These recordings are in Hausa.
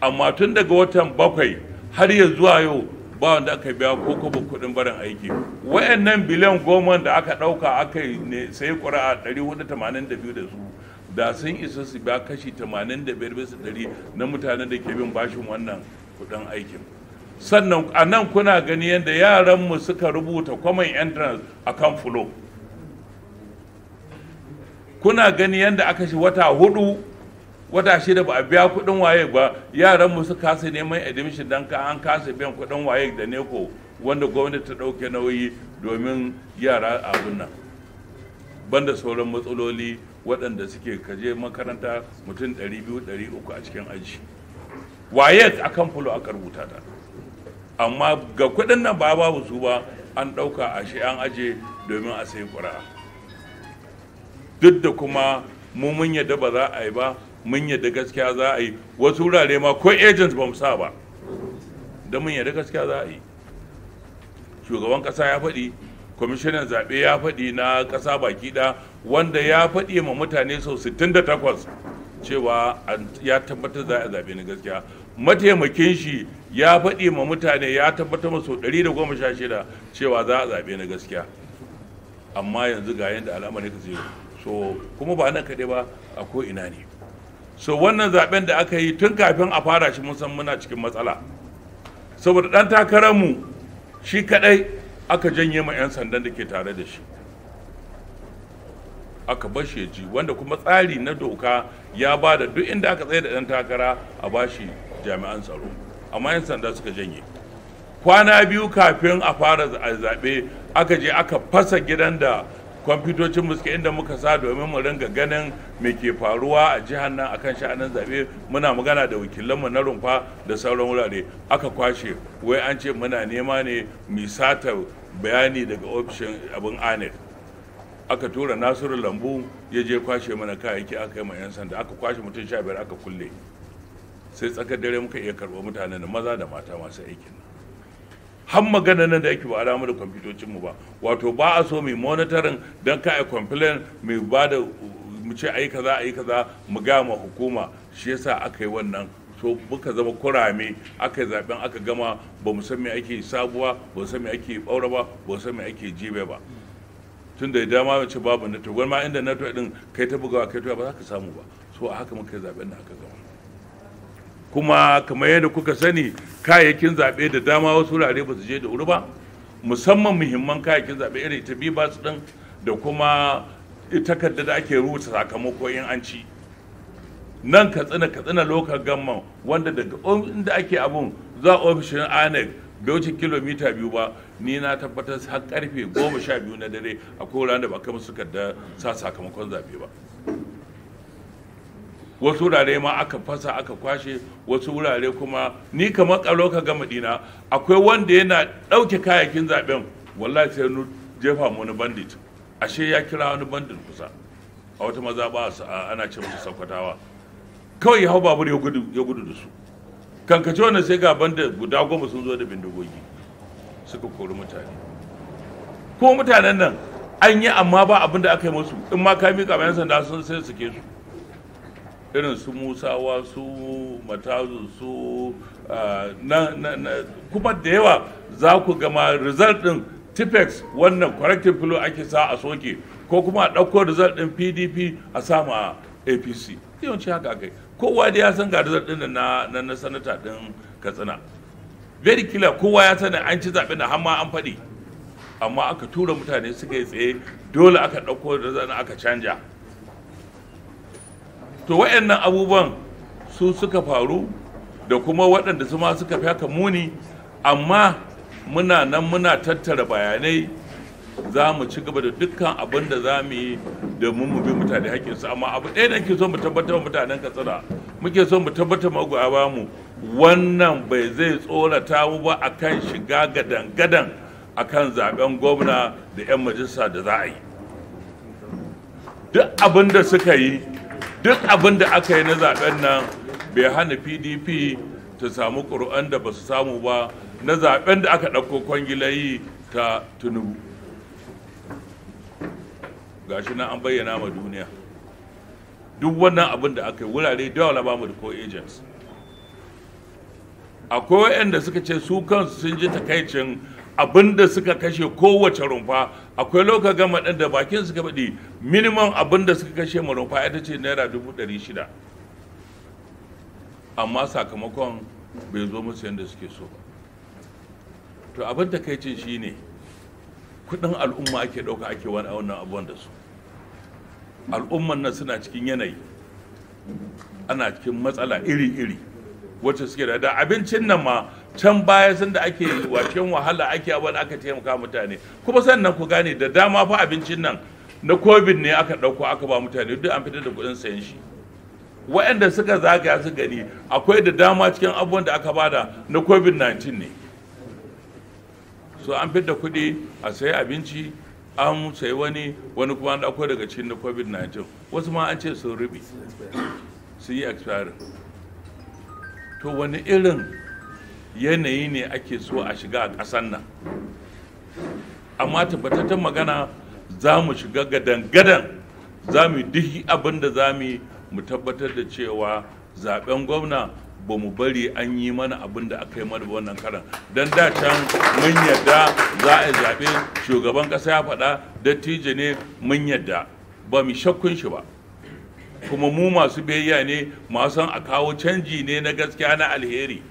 amma tun daga watan bakwai har ya zuwa yau ba wanda aka biya ko kuma kuɗin barin aiki wayannan biliyan goma da aka ɗauka aka ne sai a 482 da su da sun isa su biya kashi 85 na mutanen da ke bin bashin wannan kuɗin aikin sannan a nan kuna gani yadda yaranmu suka rubuta common entrance a kan fulo kuna gani yadda aka shi wata hudu wata shida ba a biya kuɗin waye ba yaran mu su kasa neman admission dan ka an kasa biyan kuɗin waye da ne ko wanda gwamnati ta dauke nauyi domin yara abin nan banda sauran matsaloli waɗanda suke kaje makaranta mutum 200-300 a cikin aji waye a kan fulo aka rubuta ta amma ga kuɗin nan ba babu su ba an ɗauka a shi an aje domin a sai ƙura duk da kuma mu mun yadda ba za a yi ba mun yadda gaskiya za a yi wasu wurare ma ko agent ba mu sa ba da mun yadda gaskiya za a yi shugaban kasa ya faɗi kwamishinan zaɓe ya faɗi na ƙasa baki ɗaya wanda ya faɗi ma mutane sau 68 cewa ya tabbatar za a zaɓe na gaskiya mataimakin shi ya faɗi ma mutane ya tabbatar ma sau 116 cewa za a zaɓe na gaskiya amma yanzu ga yadda al'amari ka so kuma ba nan kaɗai ba a ko ina ne so wannan zaben da aka yi tun kafin a fara shi mun san muna cikin matsala saboda dan takararmu shi kadai aka janye ma 'yan sandan da ke tare da shi aka bar shi ji wanda kuma tsari na doka ya ba da duk inda aka tsaye da ɗan takara a bashi jami'an tsaro amma 'yan sanda suka janye kwana biyu kafin a fara zaɓe aka je aka fasa gidan da kwamfutocin mu suke inda muka sa domin mu ringa ganin me ke faruwa a jihar nan akan sha'anin zabe muna magana da wakilanmu na rumfa da sauran wurare aka kwashe wai an ce muna nema ne misata bayani daga ofishin abin anet aka tura nasiru lambu ya je kwashe mana kayayyaki aka yi ma 'yan sanda aka kwashe mutum sha biyar aka kulle sai tsakar dare muka iya karɓo mutanen maza da mata masu aikin nan har magana nan da ake ba alamu da kwamfutocin mu ba wato ba a so mai monitoring don ka'a complain mai ba da mu ce ayi kaza ayi kaza mu ga ma hukuma shi yasa aka yi wannan so muka zama kurame aka zaben aka gama ba mu san me ake sabuwa ba mu san me ake baura ba ba san me ake jibe ba tun da dama ce babu na to ma inda na to din kai ta bugawa kai to ba za ka samu ba so a haka muka yi zaben da aka gama kuma kamar yadda kuka sani kayayyakin zaɓe da dama wasu wurare ba su je da wuri ba musamman muhimman kayayyakin zaɓe irin ta biyu ba su ɗin da kuma takarda da ake rubuta sakamako in an ci nan katsina katsina lokal gamman wanda daga inda ake abun za ofishin anec bai wuce kilomita biyu ba ni na tabbatar har karfe goma sha biyu na dare a kowane da ba kama suka da sa sakamakon zaɓe ba wasu wurare ma aka fasa aka kwashe wasu wurare kuma ni kamar karo ka gama madina akwai wanda yana ɗauke kayayyakin zaben wallahi sai nu jefa mu wani bandit ashe ya kira wani bandit kusa a wata maza ba ana ce musu sakwatawa kawai ya hau babur ya gudu da su kankace wannan sai ga banda guda goma sun zo da bindigogi suka kori mutane ko mutanen nan an yi amma ba abin da aka yi musu in ma ka miƙa bayan sanda sun sai suke su irin su musawa su matazu su ah, kuma da yawa za ku gama result din tipex wannan corrective flow ake sa a soke ko kuma a ɗauko result din pdp a sama apc yawanci haka kai kowa da ya san ga result din na na sanata din katsina very clear kowa ya sani an ci zaɓen da hamma an faɗi amma aka tura mutane suka yi tsaye dole aka ɗauko result aka canja to waɗannan abubuwan su suka faru da kuma waɗanda su ma suka fi muni amma muna nan muna tattara bayanai za mu ci gaba da dukkan abin da za mu yi domin mu bi mutane haƙƙinsu amma abu ɗaya da ke so mu tabbatar wa mutanen katsina muke so mu tabbatar magoya ba mu wannan bai zai tsorata mu ba a kan shiga gadangadan gadan kan zaben gwamna da 'yan majalisa da za a yi duk abin da suka yi duk abin da aka yi na zaben nan bai hana pdp ta samu ƙuri'an da ba su samu ba na zaben da aka ɗauko kwangilayi ta tunubu gashi na an bayyana ma duniya duk wannan abin da aka yi wurare dole ba mu da ko agents akwai waɗanda suka ce su kansu sun ji takaicin abin da suka kashe kowace rumfa akwai lokacin gama ɗin da bakin suka faɗi minimum abin da suka kashe manufa ita ce naira dubu ɗari shida amma sakamakon bai zo musu yadda suke so ba to abin da kai shi ne kudin al'umma ake ɗauka ake wani wannan abuwan da su al'umman nan suna cikin yanayi ana cikin matsala iri-iri wacce suke da da abincin nan ma can baya sun da ake waken wahala ake abin aka taimaka mutane kuma sannan ku gane da dama fa abincin nan na covid ne aka ɗauko aka ba mutane duk an fitar da kuɗin sayan shi waɗanda suka zagaya su gani akwai da dama cikin abubuwan da aka bada na covid-19 ne so an fitar da kuɗi a sayi abinci an sayi wani wani kuma an ɗauko daga cikin na covid-19 wasu ma an ce sun rubi sun yi expire to wani irin yanayi ne ake so a shiga a ƙasan nan amma tabbatattun magana za mu shiga gadan-gadan za mu duk abin da za mu mu tabbatar da cewa zaben gwamna ba mu bari an yi mana abin da aka yi mana wannan karan don da can mun yadda za a zaɓe shugaban ƙasa ya faɗa dattijo ne mun yadda ba mu shakkun shi ba kuma mu masu biyayya ne masu san a kawo canji ne na gaskiya na alheri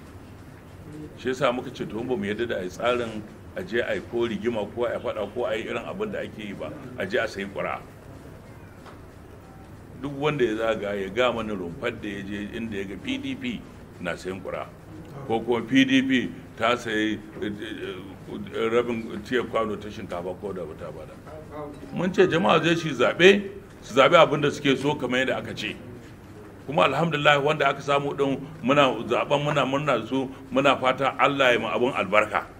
shi yasa muka ce to ba mu yadda da a tsarin a je a yi ko rigima ko a faɗa ko a yi irin abin da ake yi ba a je a sayi ƙura duk wanda ya zaga ya ga mana rumfar da ya je inda ya ga pdp na sai ƙura ko kuma pdp ta sayi eh, eh, rabin ciyar kwano ta shinkafa ko da ba bada mun ce jama'a zai shi zaɓe su zaɓe abin da suke so kamar yadda aka ce kuma alhamdulillah wanda aka samu din muna zaɓen muna murna su muna fata allah ya mu abin albarka